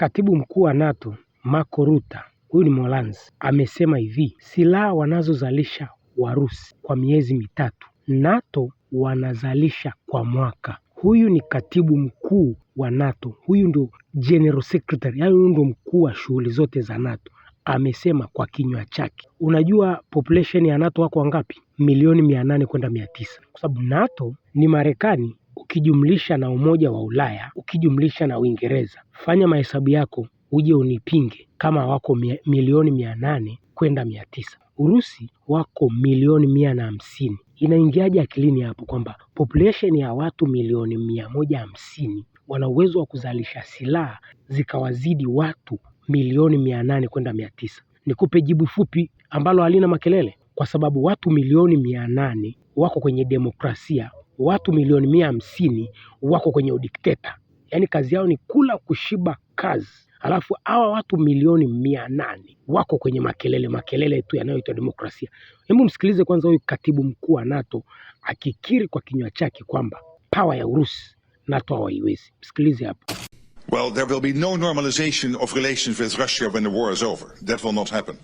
Katibu mkuu wa NATO Marco Rutte, huyu ni Mholanzi, amesema hivi, silaha wanazozalisha Warusi kwa miezi mitatu, NATO wanazalisha kwa mwaka. Huyu ni katibu mkuu wa NATO, huyu ndio general secretary, yaani huyu ndio mkuu wa shughuli zote za NATO amesema kwa kinywa chake. Unajua population ya NATO wako wangapi? Milioni mia nane kwenda mia tisa, kwa sababu NATO ni Marekani ukijumlisha na umoja wa ulaya, ukijumlisha na uingereza. Fanya mahesabu yako uje unipinge kama wako milioni mia nane kwenda mia tisa. Urusi wako milioni mia na hamsini. Inaingiaje akilini hapo kwamba population ya watu milioni mia moja hamsini wana uwezo wa kuzalisha silaha zikawazidi watu milioni mia nane kwenda mia tisa. Nikupe jibu fupi ambalo halina makelele, kwa sababu watu milioni mia nane wako kwenye demokrasia watu milioni mia hamsini wako kwenye udikteta, yaani kazi yao ni kula kushiba kazi. alafu hawa watu milioni mia nane wako kwenye makelele makelele tu yanayoitwa demokrasia. Hebu msikilize kwanza huyu katibu mkuu wa NATO akikiri kwa kinywa chake kwamba pawa ya Urusi NATO hawaiwezi. Msikilize hapo. Well, there will be no normalization of relations with Russia when the war is over. That will not happen.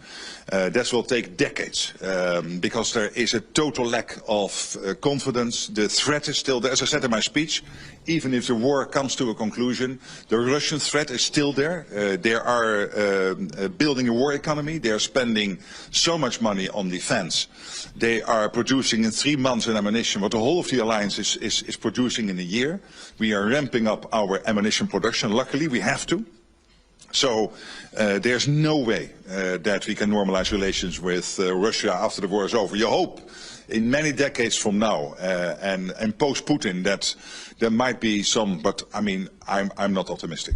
Uh, that will take decades um, because there is a total lack of uh, confidence. The threat is still there. As I said in my speech, even if the war comes to a conclusion, the Russian threat is still there. Uh, they are uh, uh, building a war economy. They are spending so much money on defense. They are producing in three months in ammunition what the whole of the alliance is, is, is producing in a year. We are ramping up our ammunition production. Luckily, we have to. So uh, there's no way uh, that we can normalize relations with uh, Russia after the war is over. You hope in many decades from now uh, and, and post-Putin that there might be some, but I mean, I'm, I'm not optimistic.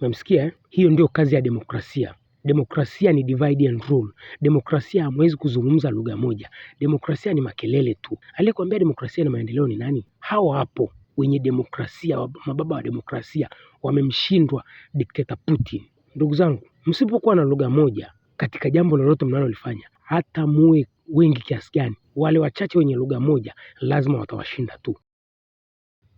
Namsikia eh? Hiyo ndio kazi ya demokrasia. Demokrasia ni divide and rule. Demokrasia hamwezi kuzungumza lugha moja. Demokrasia ni makelele tu. Aliyekuambia demokrasia na maendeleo ni nani? Hao hapo wenye demokrasia, mababa wa demokrasia wamemshindwa dikteta Putin. Ndugu zangu, msipokuwa na lugha moja katika jambo lolote mnalolifanya, hata muwe wengi kiasi gani, wale wachache wenye lugha moja lazima watawashinda tu.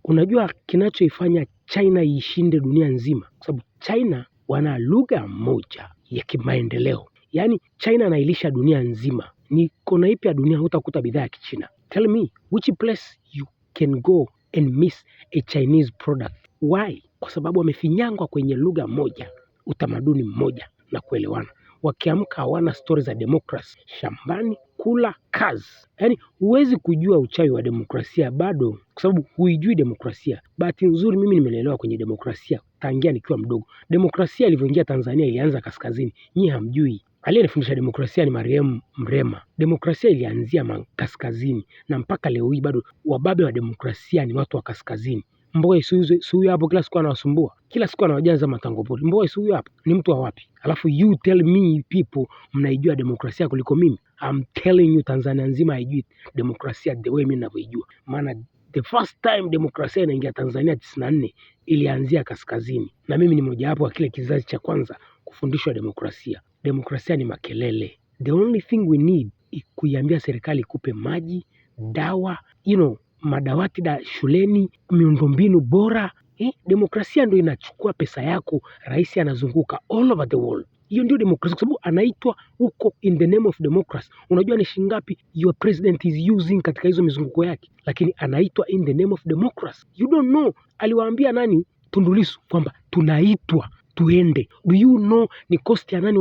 Unajua kinachoifanya China iishinde dunia nzima, kwa sababu China wana lugha moja ya kimaendeleo. Yaani China anailisha dunia nzima. Ni kona ipi ya dunia hutakuta bidhaa ya Kichina? Tell me which place you can go and miss a Chinese product. Why? Kwa sababu wamefinyangwa kwenye lugha moja, utamaduni mmoja na kuelewana wakiamka hawana stori za demokrasi, shambani, kula, kazi. Yaani huwezi kujua uchawi wa demokrasia bado, kwa sababu huijui demokrasia. Bahati nzuri mimi nimelelewa kwenye demokrasia tangia nikiwa mdogo. Demokrasia ilivyoingia Tanzania ilianza kaskazini, nyinyi hamjui. Aliyenifundisha demokrasia ni marehemu Mrema. Demokrasia ilianzia kaskazini na mpaka leo hii bado wababe wa demokrasia ni watu wa kaskazini mboga isiuyo hapo kila siku anawasumbua, kila siku anawajaza matango pori. Mboga isiuyo hapo ni mtu wa wapi? Alafu you tell me people mnaijua demokrasia kuliko mimi. I'm telling you Tanzania nzima haijui demokrasia the way mimi ninavyoijua. Maana the first time demokrasia inaingia Tanzania tisini na nne ilianzia kaskazini, na mimi ni mojawapo wa kile kizazi cha kwanza kufundishwa demokrasia. Demokrasia ni makelele. The only thing we need kuiambia serikali ikupe maji, dawa, you know, madawati da shuleni, miundombinu bora. Eh, demokrasia ndio inachukua pesa yako, rais anazunguka all over the world. Hiyo ndio demokrasia, kwa sababu anaitwa huko in the name of democracy. Unajua ni shingapi your president is using katika hizo mizunguko yake, lakini anaitwa in the name of democracy. You don't know, aliwaambia nani tundulisu kwamba tunaitwa tuende. Do you know ni kosti ya nani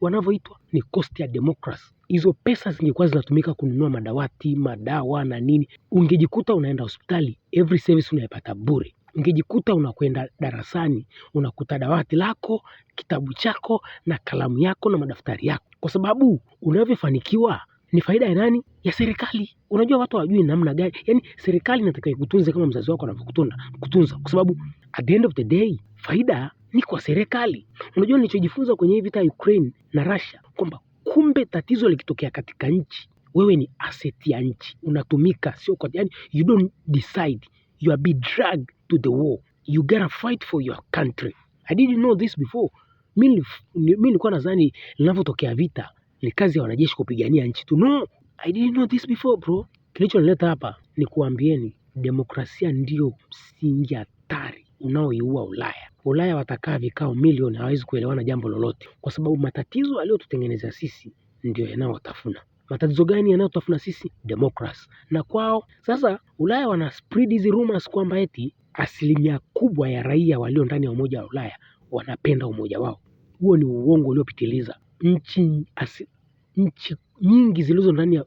wanavyoitwa? Ni kosti ya democracy hizo pesa zingekuwa zinatumika kununua madawati, madawa na nini, ungejikuta unaenda hospitali every service unayepata bure. Ungejikuta unakwenda darasani unakuta dawati lako, kitabu chako na kalamu yako na madaftari yako, kwa sababu unavyofanikiwa ni faida ya nani? Ya serikali. Unajua watu hawajui namna gani, yaani serikali inataka ikutunze kama mzazi wako anavyokutunza, kwa sababu at the end of the day faida ni kwa serikali. Unajua nilichojifunza kwenye hii vita ya Ukraine na Russia kwamba Kumbe tatizo likitokea katika nchi, wewe ni asset ya nchi, unatumika sio kwa, yani you don't decide, you are be dragged to the war, you gotta fight for your country. I didn't know this before. Mimi nilikuwa nadhani linapotokea vita ni kazi ya wanajeshi kupigania nchi tu. No, I didn't know this before bro. Kilichonileta hapa ni kuambieni demokrasia ndio msingi hatari unaoiua Ulaya. Ulaya watakaa vikao milioni hawawezi kuelewana jambo lolote kwa sababu matatizo aliyotutengenezea sisi ndio yanayotafuna Matatizo gani yanayotafuna sisi? Democracy. Na kwao sasa, Ulaya wana spread hizi rumors kwamba eti asilimia kubwa ya raia walio ndani ya Umoja wa Ulaya wanapenda umoja wao. Huo ni uongo uliopitiliza. Nchi asi, nchi nyingi zilizo ndani ya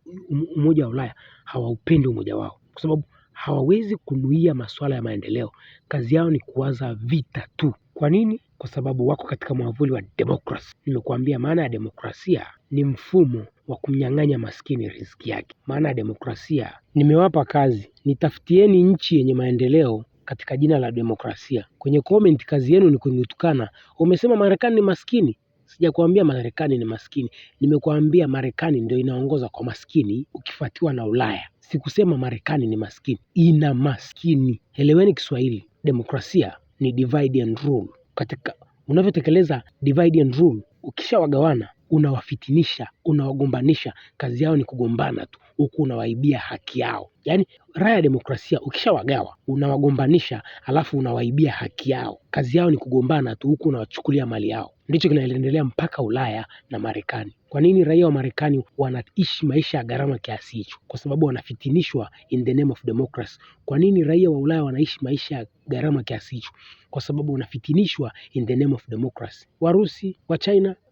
Umoja wa Ulaya hawaupendi umoja wao kwa sababu hawawezi kunuia masuala ya maendeleo. Kazi yao ni kuwaza vita tu. Kwa nini? Kwa sababu wako katika mwavuli wa demokrasi. Nimekuambia maana ya demokrasia ni mfumo wa kumnyang'anya maskini riziki yake. Maana ya demokrasia, nimewapa kazi, nitafutieni nchi yenye maendeleo katika jina la demokrasia. Kwenye comment kazi yenu ni kunitukana, umesema Marekani ni maskini. Sijakwambia Marekani ni maskini, nimekuambia Marekani ndio inaongoza kwa maskini ukifuatiwa na Ulaya. Sikusema Marekani ni maskini, ina maskini. Eleweni Kiswahili, demokrasia ni divide and rule. Katika unavyotekeleza divide and rule, ukisha wagawana unawafitinisha, unawagombanisha, kazi yao ni kugombana tu, huku unawaibia haki yao. Yaani raya ya demokrasia ukishawagawa, unawagombanisha alafu unawaibia haki yao. Kazi yao ni kugombana tu, huku unawachukulia mali yao. Ndicho kinaendelea mpaka Ulaya na Marekani. Kwa nini raia wa Marekani wanaishi maisha ya gharama kiasi hicho? Kwa sababu wanafitinishwa in the name of democracy. Kwa nini raia wa Ulaya wanaishi maisha ya gharama kiasi hicho? Kwa sababu wanafitinishwa in the name of democracy. Warusi,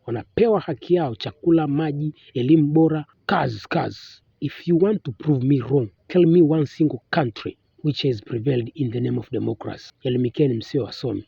wanapewa haki yao: chakula, maji, elimu bora, kazi, kazi. If you want to prove me wrong, tell me one single country which has prevailed in the name of democracy. Elimikeni msio wasomi.